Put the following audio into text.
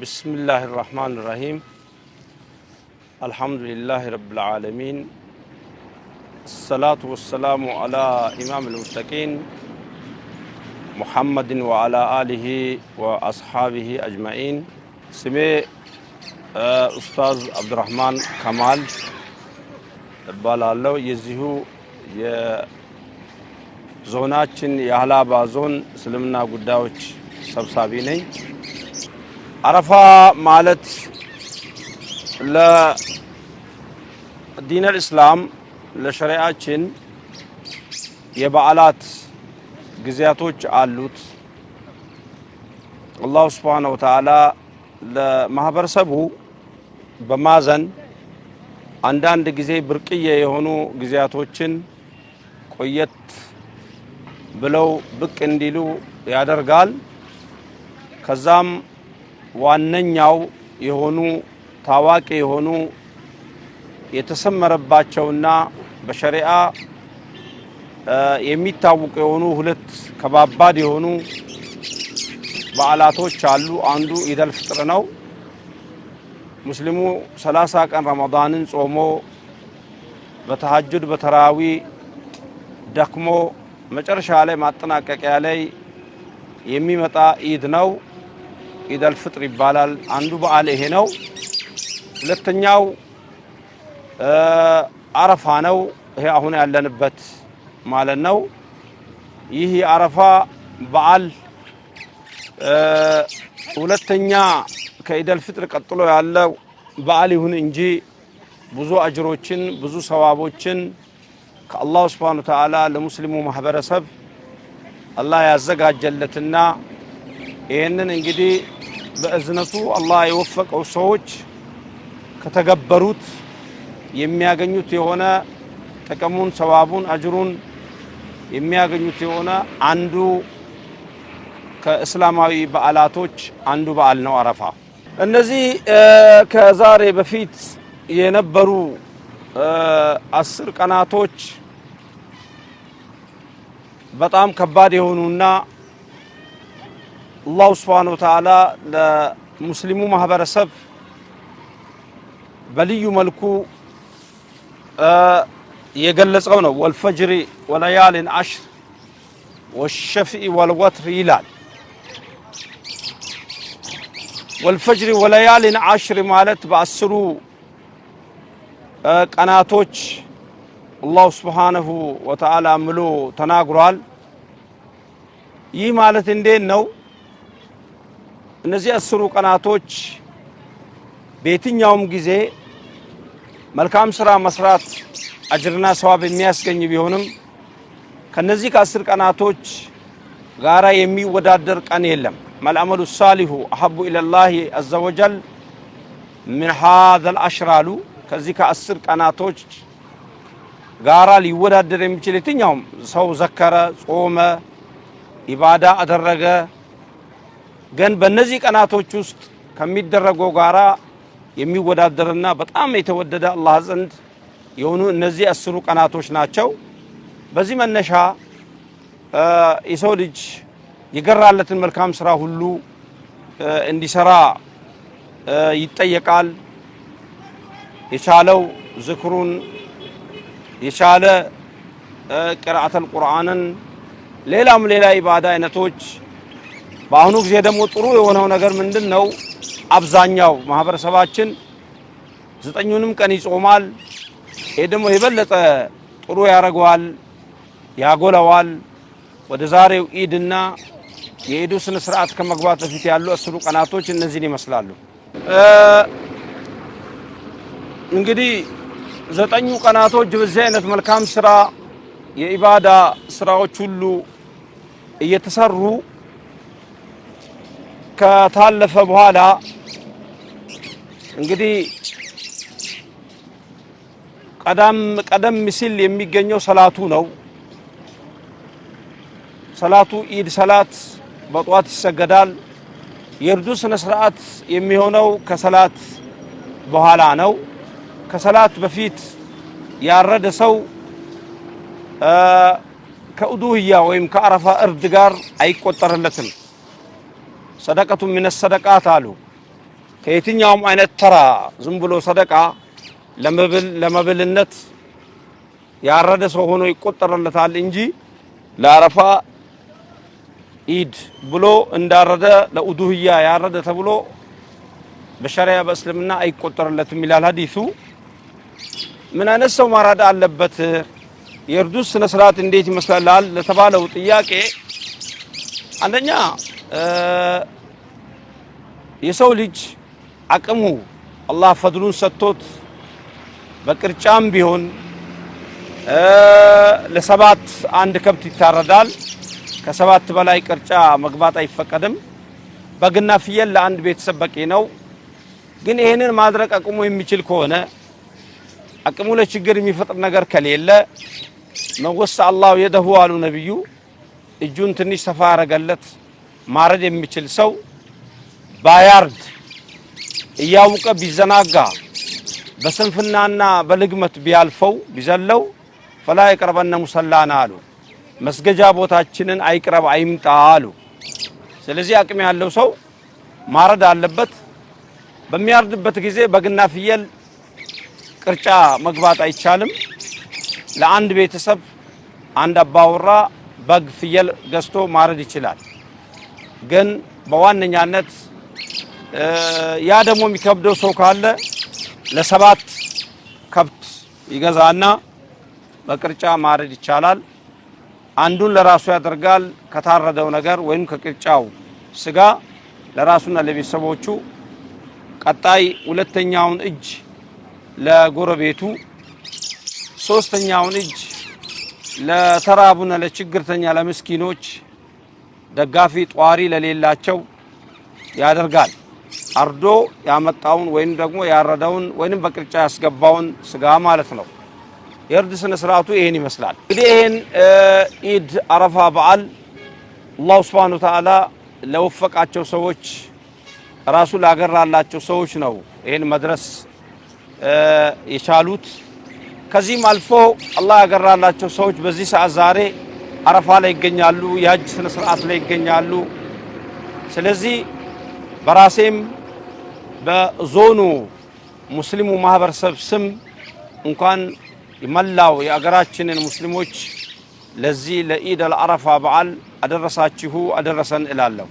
بسم الله الرحمن الرحيم الحمد لله رب العالمين الصلاة والسلام على إمام المتقين محمد وعلى آله وأصحابه أجمعين اسمي أستاذ عبد الرحمن كمال بالاله የዚሁ የዞናችን የአህላባ ዞን እስልምና سلمنا ሰብሳቢ ነኝ። አረፋ ማለት ለዲን እስላም ለሸሪአችን የበዓላት ጊዜያቶች አሉት። አላሁ ስብሓነሁ ወተዓላ ለማህበረሰቡ በማዘን አንዳንድ ጊዜ ብርቅዬ የሆኑ ጊዜያቶችን ቆየት ብለው ብቅ እንዲሉ ያደርጋል። ከዛም ዋነኛው የሆኑ ታዋቂ የሆኑ የተሰመረባቸውና በሸሪዓ የሚታወቁ የሆኑ ሁለት ከባባድ የሆኑ በዓላቶች አሉ። አንዱ ኢደል ፍጥር ነው። ሙስሊሙ 30 ቀን ረመዳንን ጾሞ በተሐጁድ በተራዊ ደክሞ መጨረሻ ላይ ማጠናቀቂያ ላይ የሚመጣ ኢድ ነው። ኢደል ፍጥር ይባላል። አንዱ በዓል ይሄ ነው። ሁለተኛው አረፋ ነው። ይሄ አሁን ያለንበት ማለት ነው። ይህ የአረፋ በዓል ሁለተኛ ከኢደል ፍጥር ቀጥሎ ያለው በዓል ይሁን እንጂ ብዙ አጅሮችን ብዙ ሰዋቦችን ከአላሁ ስብሓነሁ ወተዓላ ለሙስሊሙ ማህበረሰብ አላህ ያዘጋጀለትና ይህንን እንግዲህ በእዝነቱ አላህ የወፈቀው ሰዎች ከተገበሩት የሚያገኙት የሆነ ጥቅሙን፣ ሰዋቡን፣ አጅሩን የሚያገኙት የሆነ አንዱ ከእስላማዊ በዓላቶች አንዱ በዓል ነው አረፋ። እነዚህ ከዛሬ በፊት የነበሩ አስር ቀናቶች በጣም ከባድ የሆኑና አላሁ ስብሓነ ወተዓላ ለሙስሊሙ ማህበረሰብ በልዩ መልኩ የገለጸው ነው። ወልፈጅሪ ወለያሊን አሽር ወሸፍኢ ወልወትር ይላል። ወልፈጅሪ ወለያሊን አሽር ማለት በአስሩ ቀናቶች አላሁ ስብሓነሁ ወተዓላ ምሎ ተናግሯል። ይህ ማለት እንዴት ነው? እነዚህ አስሩ ቀናቶች በየትኛውም ጊዜ መልካም ስራ መስራት አጅርና ሰዋብ የሚያስገኝ ቢሆንም ከነዚህ ከአስር ቀናቶች ጋራ የሚወዳደር ቀን የለም። መልአመሉ ሳሊሁ አሀቡ ኢለላህ አዘወጀል ምን ሀዘል አሽራሉ ከዚህ ከአስር ቀናቶች ጋራ ሊወዳደር የሚችል የትኛውም ሰው ዘከረ፣ ጾመ፣ ኢባዳ አደረገ ግን በእነዚህ ቀናቶች ውስጥ ከሚደረገው ጋራ የሚወዳደርና በጣም የተወደደ አላህ ዘንድ የሆኑ እነዚህ አስሩ ቀናቶች ናቸው። በዚህ መነሻ የሰው ልጅ የገራለትን መልካም ስራ ሁሉ እንዲሰራ ይጠየቃል። የቻለው ዝክሩን የቻለ ቅርአተል ቁርአንን ሌላም ሌላ ኢባዳ አይነቶች በአሁኑ ጊዜ ደግሞ ጥሩ የሆነው ነገር ምንድን ነው? አብዛኛው ማህበረሰባችን ዘጠኙንም ቀን ይጾማል። ይሄ ደግሞ የበለጠ ጥሩ ያደርገዋል፣ ያጎለዋል። ወደ ዛሬው ኢድና የኢዱ ስነ ስርዓት ከመግባት በፊት ያሉ እስሩ ቀናቶች እነዚህን ይመስላሉ። እንግዲህ ዘጠኙ ቀናቶች በዚህ አይነት መልካም ስራ የኢባዳ ስራዎች ሁሉ እየተሰሩ ከታለፈ በኋላ እንግዲህ ቀደም ቀደም ሲል የሚገኘው ሰላቱ ነው። ሰላቱ ኢድ ሰላት በጧት ይሰገዳል። የርዱ ስነ ስርዓት የሚሆነው ከሰላት በኋላ ነው። ከሰላት በፊት ያረደ ሰው ከኡዱህያ ወይም ከአረፋ እርድ ጋር አይቆጠርለትም። ሰደቀቱ ሚነ ሰደቃት አሉ። ከየትኛውም አይነት ተራ ዝም ብሎ ሰደቃ ለመብልነት ያረደ ሰው ሆኖ ይቆጠርለታል እንጂ ለአረፋ ኢድ ብሎ እንዳረደ ለኡዱህያ ያረደ ተብሎ በሸሪያ በእስልምና አይቆጠርለትም ይላል ሀዲሱ። ምን አይነት ሰው ማራድ አለበት? የእርዱስ ስነ ስርዓት እንዴት ይመስላል ለተባለው ጥያቄ አንደኛ የሰው ልጅ አቅሙ አላህ ፈድሉን ሰጥቶት በቅርጫም ቢሆን ለሰባት አንድ ከብት ይታረዳል። ከሰባት በላይ ቅርጫ መግባት አይፈቀድም። በግና ፍየል ለአንድ ቤተሰብ በቂ ነው። ግን ይህንን ማድረግ አቅሙ የሚችል ከሆነ አቅሙ ለችግር የሚፈጥር ነገር ከሌለ መወሳ አላሁ የደሁ አሉ ነቢዩ እጁን ትንሽ ሰፋ ያረገለት ማረድ የሚችል ሰው ባያርድ እያወቀ ቢዘናጋ በስንፍናና በልግመት ቢያልፈው ቢዘለው ፈላ ይቅረበነ ሙሰላና አሉ። መስገጃ ቦታችንን አይቅረብ አይምጣ አሉ። ስለዚህ አቅም ያለው ሰው ማረድ አለበት። በሚያርድበት ጊዜ በግና ፍየል ቅርጫ መግባት አይቻልም። ለአንድ ቤተሰብ አንድ አባወራ በግ፣ ፍየል ገዝቶ ማረድ ይችላል። ግን በዋነኛነት ያ ደግሞ የሚከብደው ሰው ካለ ለሰባት ከብት ይገዛና በቅርጫ ማረድ ይቻላል። አንዱን ለራሱ ያደርጋል። ከታረደው ነገር ወይም ከቅርጫው ስጋ ለራሱና ለቤተሰቦቹ፣ ቀጣይ ሁለተኛውን እጅ ለጎረቤቱ፣ ሶስተኛውን እጅ ለተራቡና ለችግርተኛ ለምስኪኖች ደጋፊ ጧሪ ለሌላቸው ያደርጋል። አርዶ ያመጣውን ወይም ደግሞ ያረደውን ወይም በቅርጫ ያስገባውን ስጋ ማለት ነው። የእርድ ስነ ስርዓቱ ይህን ይመስላል። እንግዲህ ይህን ኢድ አረፋ በዓል አላሁ ስብሓነሁ ወተዓላ ለወፈቃቸው ሰዎች ራሱ ላገራላቸው ሰዎች ነው ይህን መድረስ የቻሉት። ከዚህም አልፎ አላህ ያገራላቸው ሰዎች በዚህ ሰዓት ዛሬ አረፋ ላይ ይገኛሉ፣ የሀጅ ስነ ስርዓት ላይ ይገኛሉ። ስለዚህ በራሴም በዞኑ ሙስሊሙ ማህበረሰብ ስም እንኳን የመላው የአገራችንን ሙስሊሞች ለዚህ ለኢድ አልአረፋ በዓል አደረሳችሁ አደረሰን እላለሁ።